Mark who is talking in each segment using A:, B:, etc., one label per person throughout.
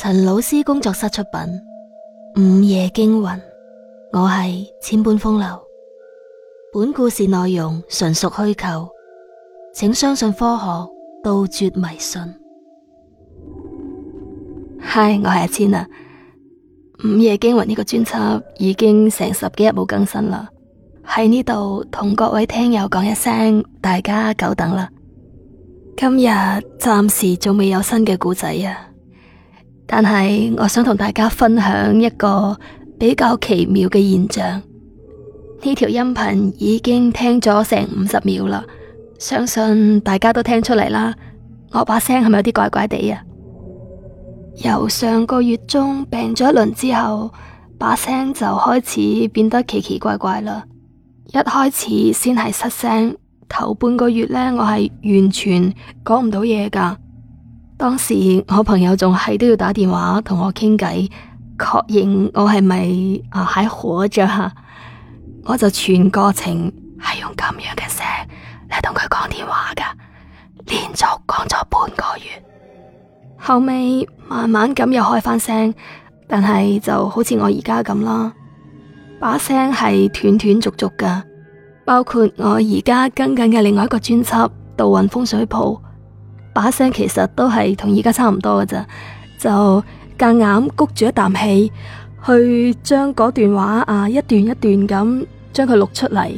A: 陳老師工作室出品《午夜驚魂》，我係千般風流。本故事內容純屬虛構，請相信科學，杜絕迷信。嗨，我係阿千啊！《午夜驚魂》呢個專輯已經成十幾日冇更新啦，喺呢度同各位聽友講一聲，大家久等啦。今日暫時仲未有新嘅故仔啊！但係，我想同大家分享一個比較奇妙嘅現象。呢條音頻已經聽咗成五十秒啦，相信大家都聽出嚟啦。我把聲係咪有啲怪怪地啊？由上個月中病咗一輪之後，把聲就開始變得奇奇怪怪啦。一開始先係失聲，頭半個月呢，我係完全講唔到嘢噶。當時我朋友仲係都要打電話同我傾偈，確認我係咪啊喺火啫吓，我就全過程係用咁樣嘅聲嚟同佢講電話噶，連續講咗半個月，後尾慢慢咁又開翻聲，但係就好似我而家咁啦，把聲係斷斷續續噶，包括我而家跟緊嘅另外一個專輯《道運風水鋪》。把聲其實都係同而家差唔多嘅咋，就夾硬谷住一啖氣去將嗰段話啊，一段一段咁將佢錄出嚟。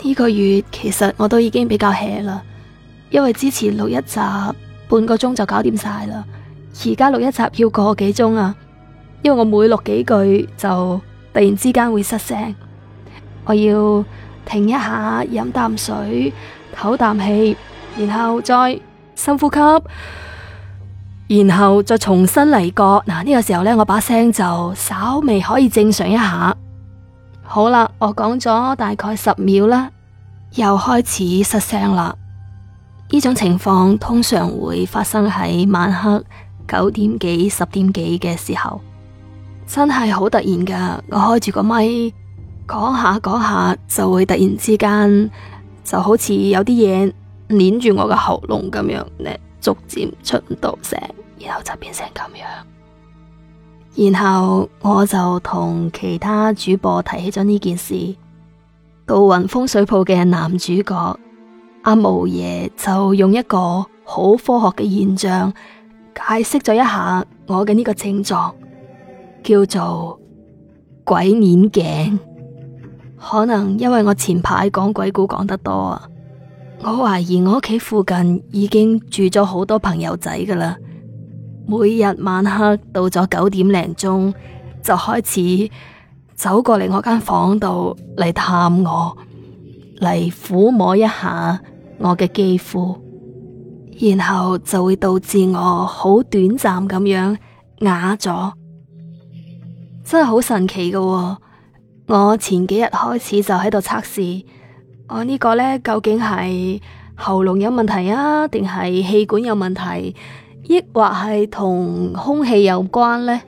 A: 呢、這個月其實我都已經比較吃 e 啦，因為之前錄一集半個鐘就搞掂晒啦，而家錄一集要個幾鐘啊，因為我每錄幾句就突然之間會失聲，我要停一下，飲啖水，唞啖氣。然後再深呼吸，然後再重新嚟過。嗱呢個時候呢，我把聲就稍微可以正常一下。好啦，我講咗大概十秒啦，又開始失聲啦。呢種情況通常會發生喺晚黑九點幾、十點幾嘅時候，真係好突然噶。我開住個咪講下講下，就會突然之間就好似有啲嘢，攆住我嘅喉嚨咁樣咧，逐漸出唔到聲，然後就變成咁樣。然後我就同其他主播提起咗呢件事，道雲風水鋪嘅男主角阿毛、啊、爺就用一個好科學嘅現象解釋咗一下我嘅呢個症狀，叫做鬼攆頸。可能因為我前排講鬼故講得多啊。我懷疑我屋企附近已經住咗好多朋友仔噶啦，每日晚黑到咗九點零鐘就開始走過嚟我間房度嚟探我，嚟撫摸一下我嘅肌膚，然後就會導致我好短暫咁樣啞咗，真係好神奇噶喎！我前幾日開始就喺度測試。我、哦這個、呢個呢究竟係喉嚨有問題啊，定係氣管有問題，抑或係同空氣有關呢？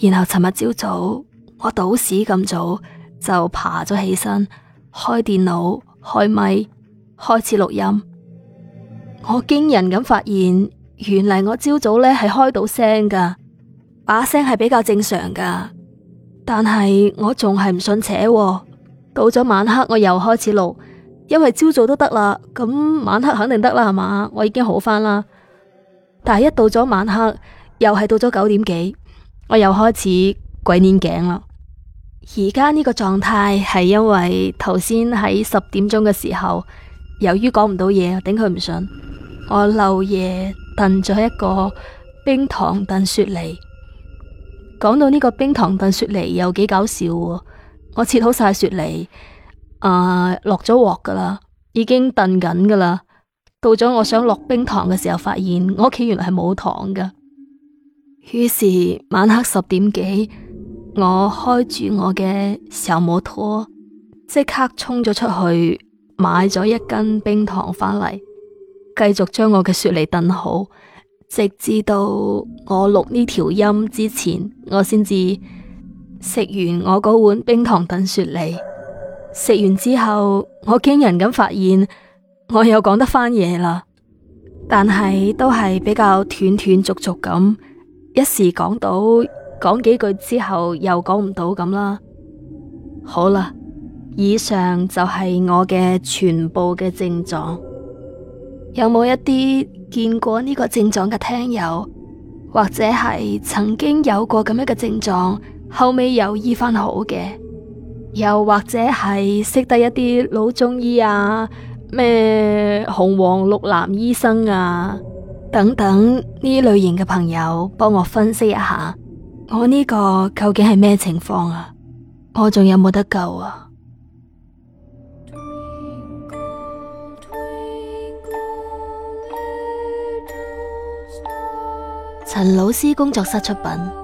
A: 然後尋日朝早，我倒屎咁早就爬咗起身，開電腦，開咪，開始錄音。我驚人咁發現，原來我朝早呢係開到聲噶，把聲係比較正常噶，但係我仲係唔信邪、啊。到咗晚黑，我又開始錄，因為朝早都得啦，咁晚黑肯定得啦，係嘛？我已經好翻啦，但係一到咗晚黑，又係到咗九點幾，我又開始鬼攆頸啦。而家呢個狀態係因為頭先喺十點鐘嘅時候，由於講唔到嘢，頂佢唔順，我漏夜燉咗一個冰糖燉雪梨。講到呢個冰糖燉雪梨又幾搞笑喎！我切好晒雪梨，啊落咗鑊噶啦，已經燉緊噶啦。到咗我想落冰糖嘅時候，發現我屋企原來係冇糖噶。於是晚黑十點幾，我開住我嘅小摩托，即刻衝咗出去買咗一斤冰糖返嚟，繼續將我嘅雪梨燉好，直至到我錄呢條音之前，我先至。食完我嗰碗冰糖燉雪梨，食完之後我驚人咁發現，我又講得翻嘢啦，但係都係比較斷斷續續咁，一時講到講幾句之後又講唔到咁啦。好啦，以上就係我嘅全部嘅症狀， 有冇一啲見過呢個症狀嘅聽友，或者係曾經有過咁樣嘅症狀？後尾又醫翻好嘅，又或者係識得一啲老中醫啊，咩紅黃綠藍醫生啊，等等呢類型嘅朋友幫我分析一下，我呢個究竟係咩情況啊？我仲有冇得救啊？陳老師工作室出品。